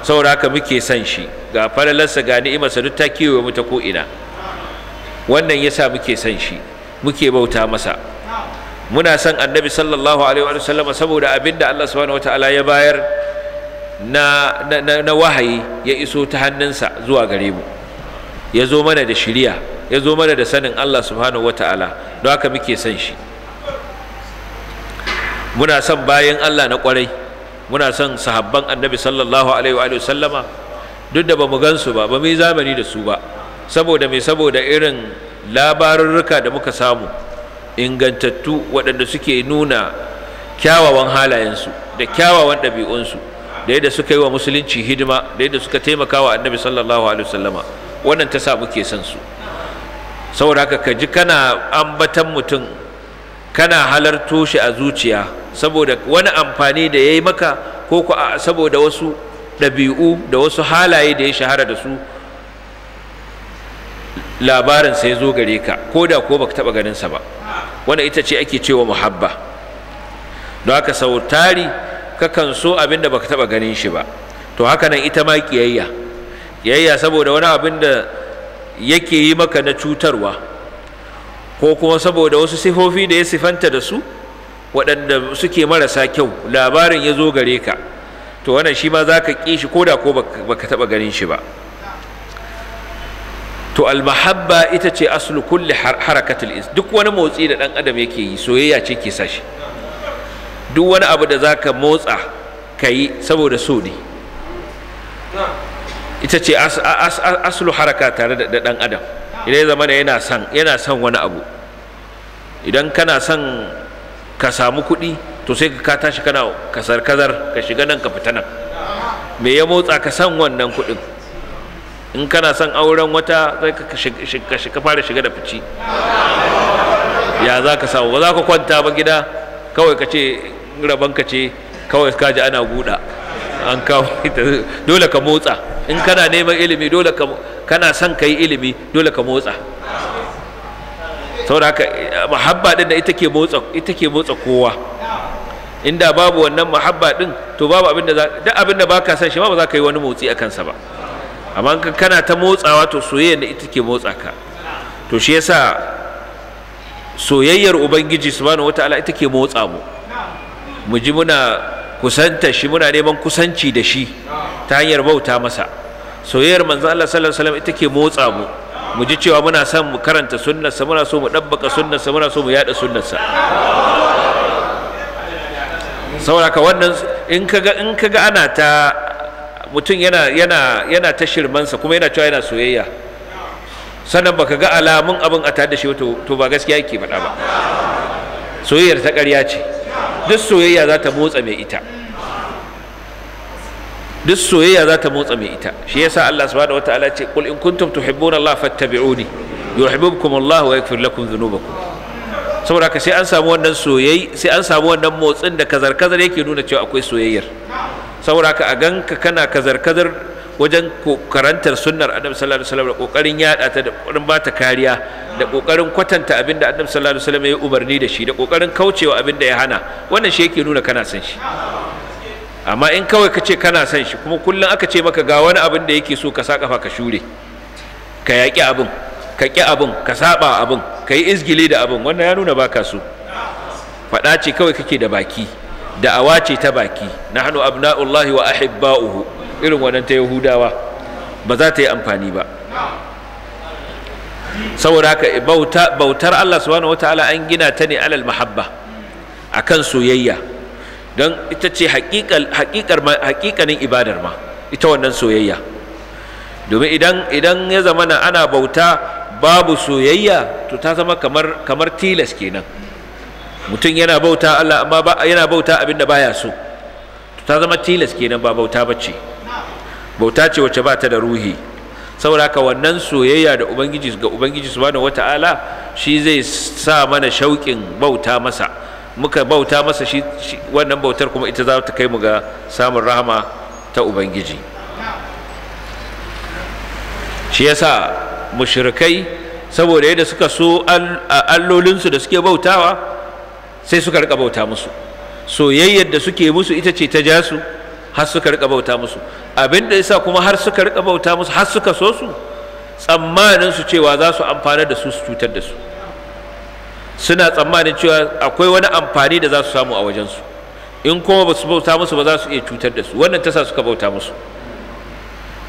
saboda haka muke son shi ga falalarsa ga ni'imarsa duk ta kiwo mu ta ko'ina. ina wannan yasa muke son shi muke bauta masa muna son annabi sallallahu alaihi wa sallama saboda abinda Allah subhanahu ya bayar na na, wahayi ya iso ta hannunsa zuwa gare mu ya zo mana da shiriya ya zo mana da sanin Allah subhanahu wataala don haka muke son shi muna son bayan Allah na kwarai muna son sahabban annabi sallallahu alaihi wa sallama duk da bamu gansu ba ba mu yi zamani da su ba saboda me saboda irin labarurruka da muka samu ingantattu waɗanda suke nuna kyawawan halayensu da kyawawan ɗabi'unsu da yadda suka yi wa musulunci hidima da yadda suka taimaka wa annabi sallallahu alaihi wasallama wannan ta sa muke son su saboda haka ka ji kana ambatan mutum kana halarto shi a zuciya saboda wani amfani da ya yi maka ko saboda wasu ɗabi'u da wasu halaye da ya shahara da su labarinsa ya zo gare ka ko da ko baka taɓa ganinsa ba wanda ita ce ake cewa muhabba don haka sau tari kakan so abin da baka taba ganin shi ba to haka nan ita ma kiyayya ƙiyayya saboda wani abin da yake yi maka na cutarwa ko kuma saboda wasu sifofi da ya sifanta da su waɗanda suke marasa kyau labarin ya zo gare ka to wannan shi ma za ka ƙi shi ko da ko baka taɓa ganin shi ba to almahabba ita ce aslu kulli harakatul ins duk wani motsi da dan adam yake yi soyayya ce ke sashi duk wani abu da zaka motsa kayi saboda so ne ita ce aslu haraka tare da dan adam idan zama yana son yana son wani abu idan kana son ka samu kuɗi to sai ka tashi kana kasar kazar ka shiga nan ka fita nan me ya motsa ka san wannan kuɗin in kana son auren wata zai ka fara shiga da fici ya za ka samu ba za ka kwanta ba gida kawai ka ce ka ce kawai ka ji ana guda an kawo dole ka motsa in kana neman ilimi dole ka kana son ka yi ilimi dole ka motsa Sau da haka mahabba din da ita ke motsa ita ke motsa kowa inda babu wannan mahabba din to babu abin da duk ka son shi ma ba za ka yi wani motsi a kansa ba amma kana ta motsawa to soyayyar da ita ke motsa ka to shi yasa soyayyar ubangiji subhanahu wataala ita ke motsa mu mu ji muna kusanta shi muna neman kusanci da shi ta hanyar bauta masa soyayyar manzo Allah sallallahu alaihi wasallam ita ke motsa mu mu ji cewa muna son mu karanta sunnarsa muna so mu dabbaka sunnarsa muna so mu yada sunnarsa saboda ka wannan in kaga in kaga ana ta mutum yana yana yana ta shirmansa kuma yana cewa yana soyayya sannan baka ga alamun abin a tare da shi to ba gaskiya yake faɗa ba soyayyar ta ƙarya ce duk soyayya za ta motsa mai ita duk soyayya za ta motsa mai ita shi yasa Allah subhanahu wataala ce qul in kuntum tuhibbuna Allah fattabi'uni yuhibbukum Allah wa yaghfir lakum dhunubakum saboda ka sai an samu wannan soyayya sai an samu wannan motsin da kazar kazar yake nuna cewa akwai soyayyar saboda ka a ganka kana kazar-kazar wajen karantar sunnar Adam sallallahu alaihi wasallam da kokarin yada ta da kokarin bata kariya da kokarin kwatanta abinda Adam sallallahu alaihi wasallam ya ubarni da shi da kokarin kaucewa abinda ya hana wannan shi yake nuna kana son shi amma in kawai ka ce kana son shi kuma kullum aka ce maka ga wani abin da yake so ka sa kafa ka shure ka yaƙi abin ka ƙi abin ka saba abin ka yi izgili da abin wannan ya nuna baka so faɗa ce kawai kake da baki da'awa ce ta baki nahnu abna'ullahi wa ahibba'uhu irin wannan ta yahudawa ba za ta yi amfani ba saboda haka bautar Allah subhanahu wataala an gina ta ne alal mahabba akan soyayya don ita ce hakikanin ibadar ma ita wannan soyayya domin idan idan ya zamana ana bauta babu soyayya to ta zama kamar kamar tilas kenan mutum yana bauta Allah amma yana bauta abinda baya so ta zama tilas kenan ba bauta bace bauta ce wacce ba ta da ruhi saboda wannan soyayya da ubangiji ga ubangiji subhanahu wata'ala shi zai sa mana shauƙin bauta masa muka bauta masa shi wannan bautar kuma ita za ta kai mu ga samun rahama ta ubangiji shi yasa mushrikai saboda yadda suka so allolinsu da suke bautawa sai suka rika bauta musu soyayyar da suke musu ita ce ta ja su har suka rika bauta musu abin da yasa kuma har suka rika bauta musu har suka so su tsammanin su cewa za su amfana da su su cutar da su suna tsammanin cewa akwai wani amfani da za su samu a wajensu in kuma ba su bauta musu ba za su iya cutar da su wannan ta sa suka bauta musu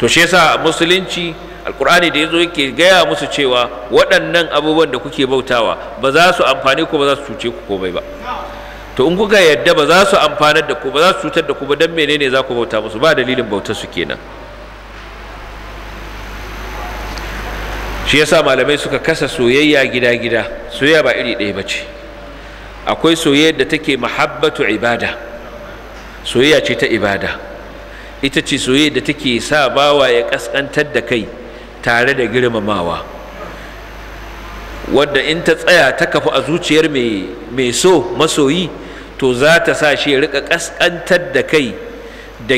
to shi yasa musulunci alkur'ani da ya yazo yake gaya musu cewa waɗannan abubuwan da kuke bautawa ba za su amfane ku ba za su cuce ku komai ba to in kuka yadda ba za su amfanar da ku ba za su cutar da ku ba dan menene za ku bauta musu ba dalilin bautar su kenan shi yasa malamai suka kasa soyayya gida-gida soyayya ba iri ɗaya ba ce akwai soyayya da take mahabbatu ibada soyayya ce ta ibada ita ce soyayya da take sa bawa ya kaskantar da kai tare da girmamawa wadda in ta tsaya ta kafa a zuciyar mai so masoyi to za ta sa shi rika kaskantar da kai da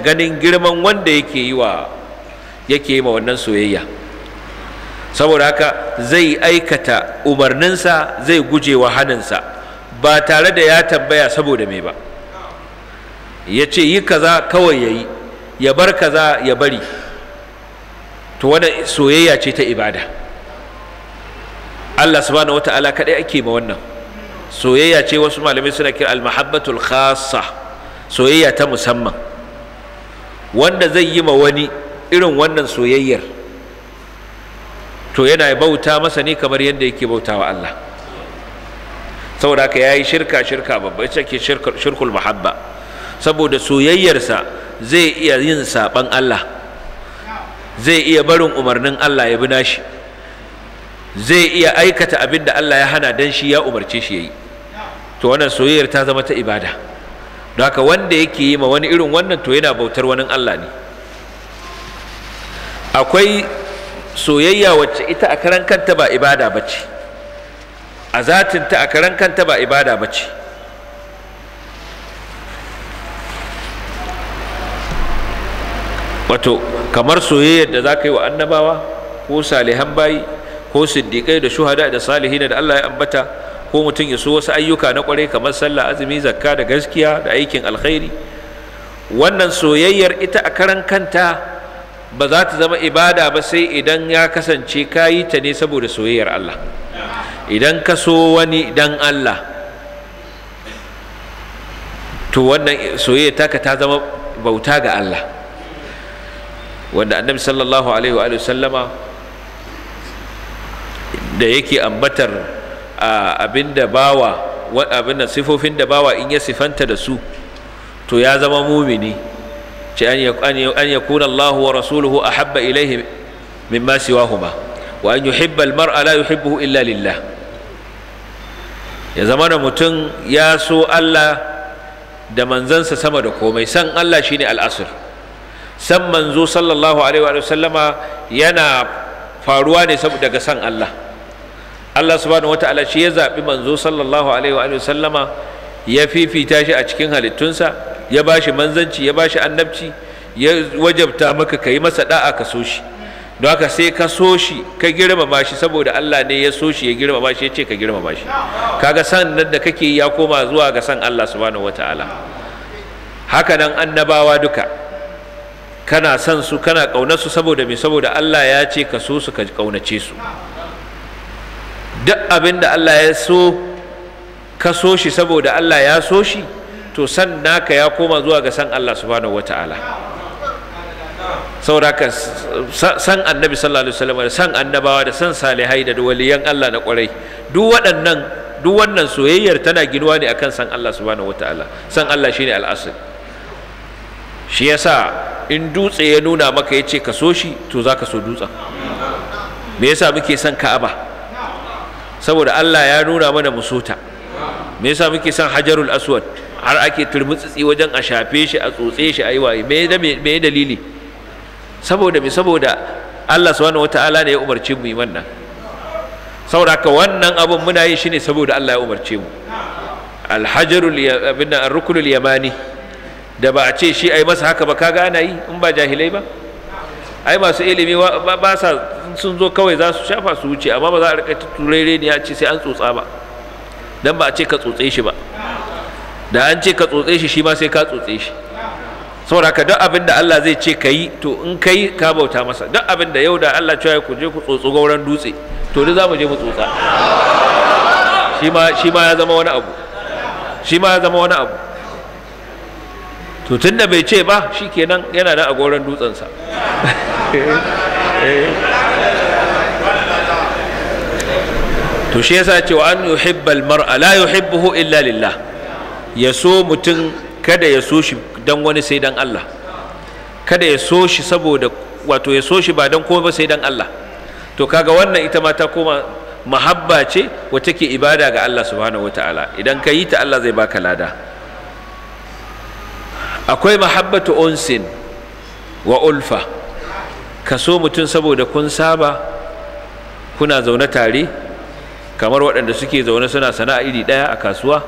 ganin girman wanda yake yi wa yake ma wannan soyayya saboda haka zai aikata umarninsa zai guje wa hannunsa ba tare da ya tambaya saboda mai ba ya ce yi kaza kawai ya yi ya bar kaza ya bari to wannan soyayya ce ta ibada Allah subhanahu wata'ala kadai ake ma wannan soyayya ce wasu malamai suna kira al khassa soyayya ta musamman wanda zai yi ma wani irin wannan soyayyar to yana bauta masa ne kamar yadda yake bauta wa Allah saboda haka yayi shirka shirka babba ita ke shirkul mahabba saboda soyayyarsa zai iya yin saban Allah zai iya barin umarnin Allah ya bi nashi zai iya aikata abin da Allah ya hana dan shi ya umarce shi yayi to wannan soyayyar ta zama ta ibada don haka wanda yake yi ma wani irin wannan to yana bautar wani Allah ne akwai soyayya wacce ita a karan kanta ba ibada bace a zatinta a karan kanta ba ibada bace wato kamar soyayyar da zaka yi wa annabawa ko salihan bayi ko siddiƙai da shuhada da salihina da Allah ya ambata ko mutum ya so wasu ayyuka na kwarai kamar sallah azumi zakka da gaskiya da aikin alkhairi wannan soyayyar ita a karan kanta ba za ta zama ibada ba sai idan ya kasance ka yi ta ne saboda soyayyar Allah idan ka so wani dan Allah to wannan soyayya taka ta zama bauta ga Allah wanda annabi sallallahu alaihi wa sallama da yake ambatar abinda bawa abinda sifofin da bawa in ya sifanta da su to ya zama mumini ce an kuna Allah wa rasuluhu ahabba ilaihi mimma siwahuma wa an yuhibba al la yuhibbuhu illa lillah ya zama da mutum ya so Allah da manzansa sama da komai san Allah shine al-asr san manzo sallallahu alaihi wa sallama yana faruwa ne saboda daga san Allah Allah subhanahu wataala shi ya zaɓi manzo sallallahu alaihi wa sallama ya fifita shi a cikin halittunsa ya bashi manzanci ya bashi annabci ya wajabta maka ka yi masa da'a ka so shi don haka sai ka so shi ka girmama shi saboda Allah ne ya so shi ya girmama shi ya ce ka girmama shi kaga san nan da kake ya koma zuwa ga san Allah subhanahu wataala haka nan annabawa duka kana son su kana ƙaunar su saboda me saboda Allah ya ce ka so su ka kaunace su duk abin da Allah ya so ka so shi saboda Allah ya so shi to san naka ya koma zuwa ga san Allah subhanahu wata'ala saboda ka san annabi sallallahu alaihi wasallam da san annabawa da san salihai da waliyan Allah na kwarai duk waɗannan duk wannan soyayyar tana ginuwa ne akan san Allah subhanahu wata'ala san Allah shine al'asr shi yasa in dutse ya nuna maka ya ce ka so shi to za ka so dutsen me yasa muke son ka'aba saboda Allah ya nuna mana musota me yasa muke son hajarul aswad har ake turmutsitsi wajen a shafe shi a tsotse shi a yi waye me ya dalili saboda me saboda Allah subhanahu wata'ala ne ya umarce mu yi wannan saboda haka wannan abun muna yi shi ne saboda Allah ya umarce mu al-hajarul yamani da ba a ce shi ai masa haka ba kaga ana yi in ba jahilai ba ai masu ilimi ba sa sun zo kawai za su shafa su wuce amma ba za a rika turere ne a ce sai an tsotsa ba dan ba a ce ka tsotse shi ba da an ce ka tsotse shi shi ma sai ka tsotse shi saboda ka duk abin da Allah zai ce ka yi to in ka yi ka bauta masa duk abin da yau da Allah cewa ku je ku tsotso gauran dutse to ni za mu je mu tsotsa shi ma ya zama wani abu shi ma ya zama wani abu to tun da bai ce ba shikenan yana da a goron dutsensa to shi yasa cewa an yuhibbal mar'a la yuhibbuhu illa lillah ya so mutum kada ya so shi dan wani sai dan Allah kada ya so shi saboda wato ya so shi ba dan komai ba sai dan Allah to kaga wannan ita ma ta koma mahabba ce wacce ke ibada ga Allah subhanahu wataala idan ka yi ta Allah zai baka lada akwai mahabbatu unsin wa ulfa ka so mutum saboda kun saba kuna zaune tare kamar waɗanda suke zaune suna sana'a iri ɗaya a kasuwa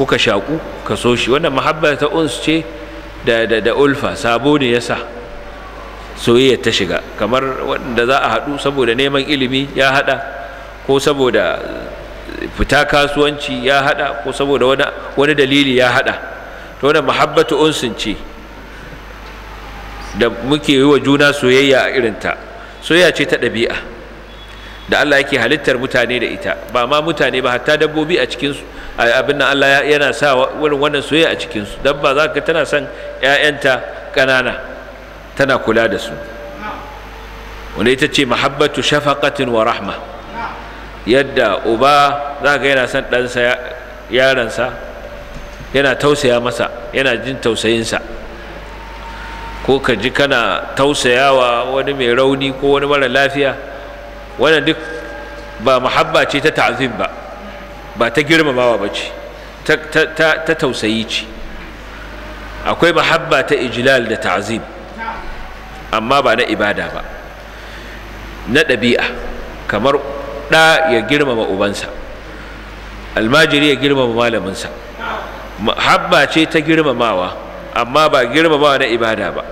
kuka shaƙu ka so shi wannan mahabbata ta uns ce da, da ulfa sabo ne ya sa soyayya ta shiga kamar waɗanda za a haɗu saboda neman ilimi ya haɗa ko saboda fita kasuwanci ya haɗa ko saboda wani dalili ya haɗa to mahabbatu unsun ce da muke yi wa juna soyayya a irinta soyayya ce ta ɗabi'a da Allah yake halittar mutane da ita ba ma mutane ba hatta dabbobi a cikin abin nan Allah yana sa wurin wannan soyayya a cikin su dabba za ka tana son ƴaƴanta ƙanana tana kula da su wanda ita ce mahabbatu shafaqatin wa rahma yadda uba za ka yana son ɗansa yaransa yana tausaya masa yana jin tausayinsa ko ka ji kana tausayawa wani mai rauni ko wani mara lafiya wannan duk ba muhabba ce ta ta'zim ba ba ta girmamawa ba ce ta tausayi ce akwai muhabba ta ijlal da ta'zim amma ba na ibada ba na ɗabi'a kamar ɗa ya girmama ubansa almajiri ya girmama malaminsa habba ce ta girmamawa amma ba girmamawa na ibada ba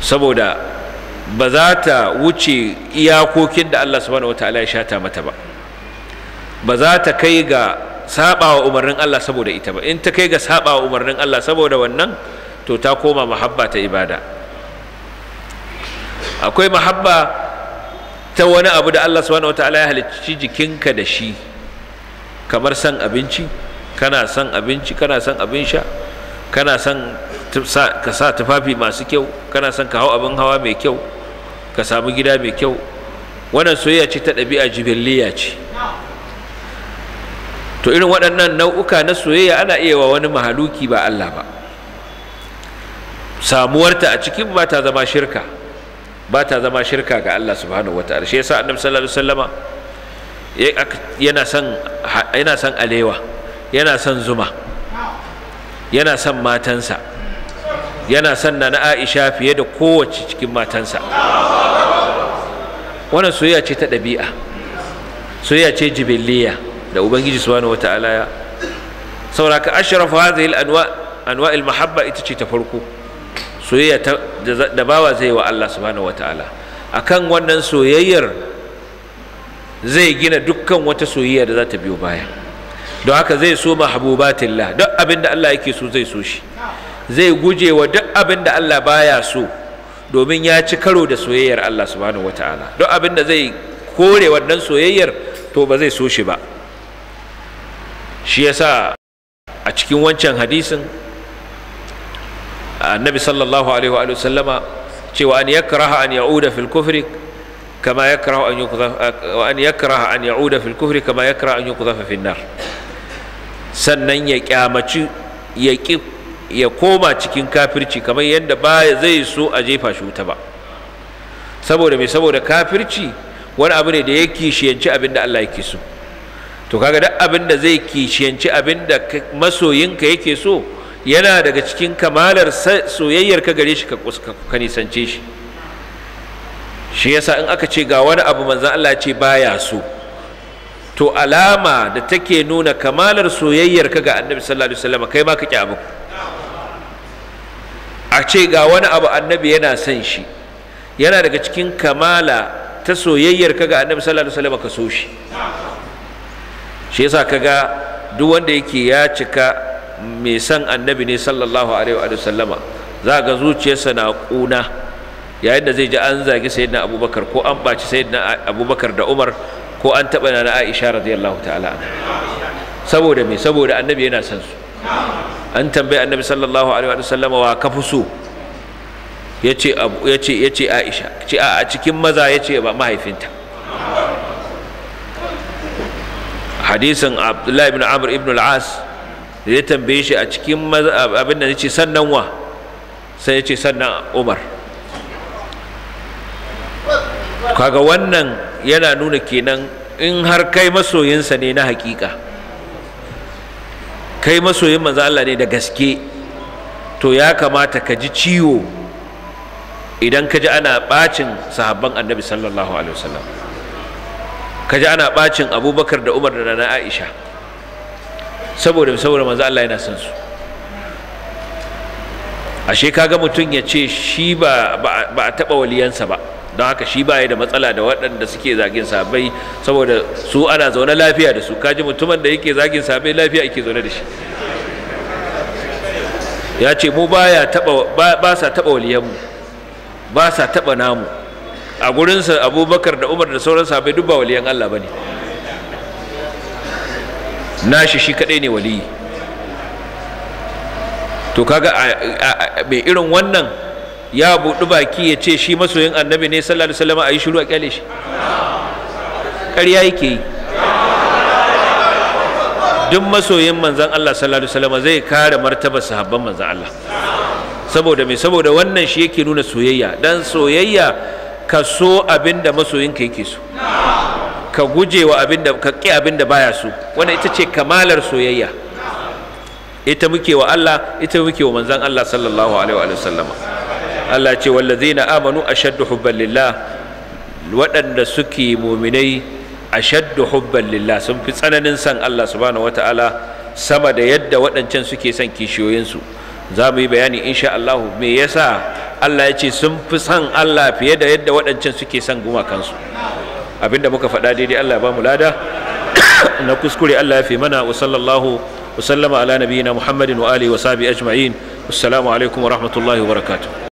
saboda ba za ta wuce iyakokin da Allah subhanahu ta'ala ya shata mata ba ba za ta kai ga sabawa umarnin Allah saboda ita ba in ta kai ga sabawa umarnin Allah saboda wannan to ta koma mahabba ta ibada akwai mahabba ta wani abu da Allah subhanahu ta'ala ya halicci jikinka da shi kamar san abinci kana san abinci kana san abin sha kana san ka sa tufafi masu kyau kana san ka hau abin hawa mai kyau ka samu gida mai kyau wannan soyayya ce ta ɗabi'a jibilliya ce to irin waɗannan nau'uka na soyayya ana iya wa wani mahaluki ba Allah ba samuwarta a cikin ba ta zama shirka ba ta zama shirka ga Allah subhanahu wataala shi yasa annabi sallallahu alaihi wasallama yana son alewa yana son zuma yana son matansa yana son na Aisha fiye da kowace cikin matansa wannan soyayya ce ta ɗabi'a soyayya ce jibiliya da ubangiji subhanahu ta'ala ya sauraka ashrafu hadhihi al-anwa anwa al-mahabba ita ce ta farko soyayya da bawa zai wa Allah subhanahu A akan wannan soyayyar zai gina dukkan wata soyayya da za ta biyo baya don haka zai so mahbubatillah duk abin da Allah yake so zai so shi zai guje wa duk abin da Allah baya so domin ya ci karo da soyayyar Allah subhanahu wataala duk abin da zai kore wannan soyayyar to ba zai so shi ba shi yasa a cikin wancan hadisin annabi sallallahu alaihi wa sallama cewa an yakraha an ya'uda fil kufri كما يكره أن يقذف وأن يكره أن يعود في الكفر كما يكره أن يقذف في النار sannan ya kyamaci ya ki ya koma cikin kafirci kamar yadda ba zai so a jefa shi wuta ba saboda me saboda kafirci wani abu ne da ya kishiyanci abin da Allah yake so to kaga duk abin da zai kishiyanci abin da masoyinka yake so yana daga cikin kamalar soyayyar ka gare shi ka nisance shi shi yasa in aka ce ga wani abu manzan Allah ce baya so to alama da take nuna kamalar soyayyar ka ga annabi sallallahu alaihi wasallam kai ma ka ki abu a ce ga wani abu annabi yana son shi yana daga cikin kamala ta soyayyar ka ga annabi sallallahu alaihi wasallam ka so shi shi yasa ga duk wanda yake ya cika mai son annabi ne sallallahu alaihi wa za ga zuciyarsa na kuna yayin da zai ji an zagi sayyidina abubakar ko an ɓaci sayyidina abubakar da umar ko an taɓa na aisha radiyallahu ta'ala saboda me saboda annabi yana son su an tambayi annabi sallallahu alaihi wa sallama wa kafu su. so yace yace yace aisha ce a cikin maza yace ba mahaifinta hadisin abdullahi ibn amr ibn al-as ya tambaye shi a cikin abin da yace sannan wa sai yace sannan umar kaga wannan yana nuna kenan in har kai masoyinsa ne na hakika kai masoyin manzo Allah ne da gaske to ya kamata ka ji ciwo idan ka ji ana bacin sahabban annabi sallallahu alaihi wasallam ka ji ana bacin abubakar da umar da na aisha saboda saboda manzo Allah yana son su ashe kaga mutum ya ce shi ba a taɓa waliyansa ba don haka shi baya da matsala da waɗanda suke zagin sabai saboda su ana zaune lafiya da su kaji mutumin da yake zagin sabai lafiya yake zaune da shi ya ce mu baya taba ba sa taba waliyanmu ba sa taba namu a gurinsa abubakar da umar da sauran sabai duk ba waliyan allah ba ne nashi shi kaɗai ne waliyi to kaga mai irin wannan ya buɗi baki ya ce shi masoyin annabi ne sallallahu alaihi wasallam a yi shiru a kyale shi ƙarya yake yi duk masoyin manzan Allah sallallahu alaihi wasallam zai kare martabar sahabban manzan Allah saboda me saboda wannan shi yake nuna soyayya dan soyayya ka so abinda masoyinka yake so ka guje wa abinda ka ki abinda baya so wannan ita ce kamalar soyayya ita muke wa Allah ita muke wa manzan Allah sallallahu alaihi wa Allah ce wallazina amanu ashaddu hubban lillah waɗanda suke muminai ashaddu hubban lillah sun fi tsananin san Allah subhanahu wataala sama da yadda waɗancan suke son kishiyoyinsu za mu yi bayani insha Allah me yasa Allah ya ce sun fi san Allah fiye da yadda waɗancan suke son gumakansu abinda muka faɗa daidai Allah ba mu lada na kuskure Allah ya fi mana wa sallallahu wa sallama ala nabiyina Muhammadin wa alihi wa sahbihi ajma'in assalamu alaikum wa rahmatullahi wa barakatuh